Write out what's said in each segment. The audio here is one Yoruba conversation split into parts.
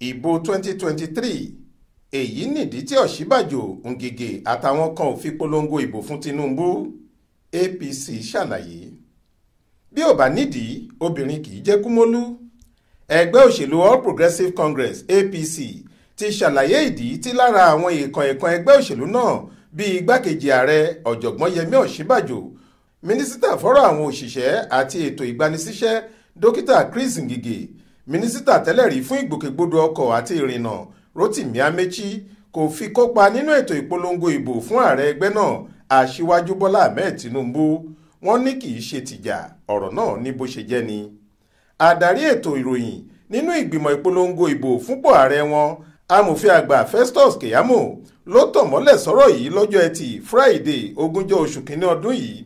ìbò 2023 èyí nìdí tí ọ̀ṣíbàjò ngige àtàwọn kan ò fi polongo ìbò fún Tinubu APC ṣàlàyé bí ò bá nídìí obìnrin kì í jẹ́ kúmólú ẹgbẹ́ òṣèlú All Progressives Congress APC ti ṣàlàyé ìdí tí lára àwọn èèkàn èèkàn ẹgbẹ́ òṣèlú náà bíi igbákejì ààrẹ ọ̀jọ̀gbọ́n Yẹmí Ọ̀ṣíbàjò mínísítà fọ́rọ̀ àwọn òṣìṣẹ́ àti ètò ìgbanisíṣẹ́ dókítà Chris Ngige mínísítà tẹ́lẹ̀rí fún ìgbòkègbodò ọkọ̀ àti ìrìnnà rotimi amechi kò fi kópa nínú ètò ìpolongo ìbò fún ààrẹ ẹgbẹ́ náà aṣíwájú bọ́lá ahmed tinubu wọ́n ní kì í ṣe tìjà ọ̀rọ̀ náà ní bó ṣe jẹ́ ni. àdarí ètò ìròyìn nínú ìgbìmọ̀ ìpolongo ìbò fúnpọ̀ ààrẹ wọn amòfin àgbà festus keyamo ló tọ̀ mọ́lẹ̀ sọ́rọ̀ yìí lọ́jọ́ ẹtì friday ogúnjọ́ oṣù kínní ọdún yìí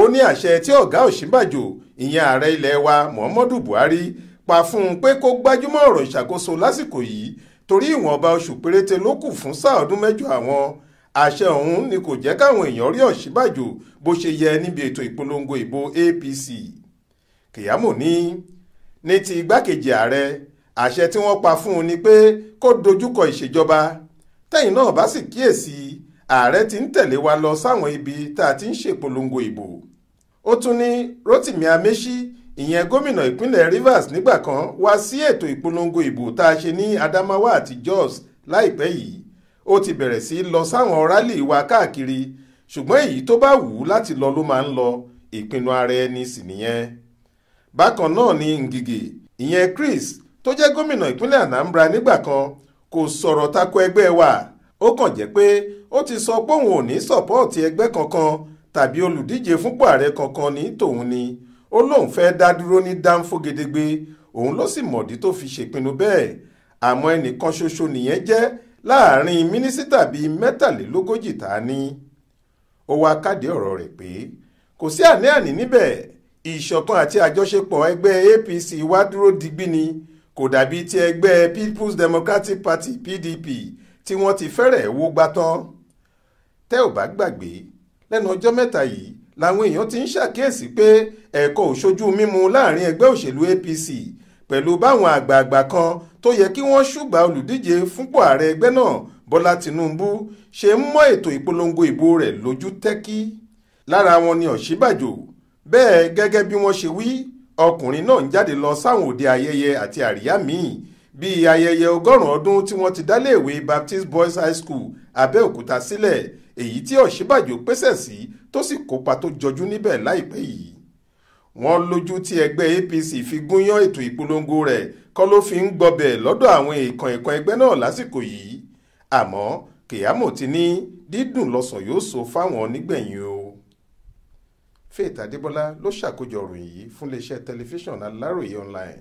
ó ní àṣẹ tí ọ̀gá òsínbàjò ìyẹn ààrẹ ilẹ̀ wa muhammadu buhari pa fún un pé kó gbájúmọ́ ọ̀rọ̀ ìṣàkóso lásìkò yìí torí ìwọ̀nba oṣù péréte ló kù fún sáà ọdún mẹ́jọ àwọn àṣẹ ọ̀hún ni kò jẹ́ káwọn èèyàn rí Ọ̀ṣínbàjò bó ṣe yẹ níbi ètò ìpolongo ìbò APC Kèyámù ní ní ti igbákejì ààrẹ àṣẹ tí wọ́n pa fún un ni pé kó dojúkọ ìṣèjọba tẹ́yìn náà bá sì kíyèsí ààrẹ ti ń tẹ̀lé wa lọ sáwọn ibi tá a ti ń ṣèpolongo ìbò ó tún ní Rotimi Amechi ìyẹn gómìnà ìpínlẹ̀ Rivers nígbà kan wá sí ètò ìpolongo ìbò tá a ṣe ní Adamawa àti Jos láìpẹ́ yìí ó ti bẹ̀rẹ̀ sí lọ sáwọn rálì wa káàkiri ṣùgbọ́n èyí tó bá wù ú láti lọ ló máa ń lọ ìpinnu ara ẹni sì nìyẹn bákan náà ni Ngige ìyẹn Chris tó jẹ́ gómìnà ìpínlẹ̀ Anambra nígbà kan kò sọ̀rọ̀ tako ẹgbẹ́ wa ó kàn jẹ́ pé ó ti sọ pé òun ò ní sọ̀pọ́ọ̀tì ẹgbẹ́ kankan tàbí olùdíje fúnpò ààrẹ kankan ní tòun ni. Tòun ni ó lóun fẹ́ẹ́ dá dúró ní dáńfó gedegbe òun ló sì mọ̀dí tó fi ṣèpinnu bẹ́ẹ̀ àmọ́ ẹnìkan ṣoṣo nìyẹn jẹ́ láàrin mínísítà bíi mẹ́tàlélógójì tá a ní ó wá káde ọ̀rọ̀ rẹ̀ pé kò sí àní-àní níbẹ̀ ìṣọ̀kan àti àjọṣepọ̀ ẹgbẹ́ APC wá dúró digbí ni kò dàbí ti ẹgbẹ́ People's Democratic Party PDP tí wọ́n ti fẹ́rẹ̀ wó gbá tán tẹ́ ò bá gbàgbé lẹ́nu ọjọ́ mẹ́ta yìí làwọn èèyàn ti ń ṣàkíyèsí pé ẹ̀kọ́ òṣojú mímu láàrin ẹgbẹ́ òṣèlú APC pẹ̀lú báwọn àgbààgbà kan tó yẹ kí wọ́n ṣùgbà olùdíje fúnpọ̀ ààrẹ ẹgbẹ́ náà Bọ́lá Tinubu ṣe ń mọ́ ètò ìpolongo ìbò rẹ̀ lójú tẹ́kí lára wọn ni Ọ̀ṣínbàjò bẹ́ẹ̀ gẹ́gẹ́ bí wọ́n ṣe wí ọkùnrin náà ń jáde lọ sáwọn òde ayẹyẹ àti àríyá míì bíi ayẹyẹ ọgọ́rùn-ún ọdún tí wọ́n ti dálé ìwé Baptist Boys High School Abẹ́òkúta sílẹ̀ èyí tí Ọ̀ṣínbàjò pèsè sí tó sì kópa tó jọjú níbẹ̀ láìpẹ́ yìí wọ́n lójú tí ẹgbẹ́ APC fi gúnyán ètò ìpolongo rẹ̀ kọ́ ló fi ń gbọbẹ̀ lọ́dọ̀ àwọn èèkàn èèkàn ẹgbẹ́ náà lásìkò yìí àmọ́ kìyàmó ti ní dídùn lọ́sàn yóò so fáwọn onígbẹ̀yìn o Faith Adébọlá ló ṣàkójọ ìròyìn yìí fún iléeṣẹ́ tẹlifíṣàn Aláròye online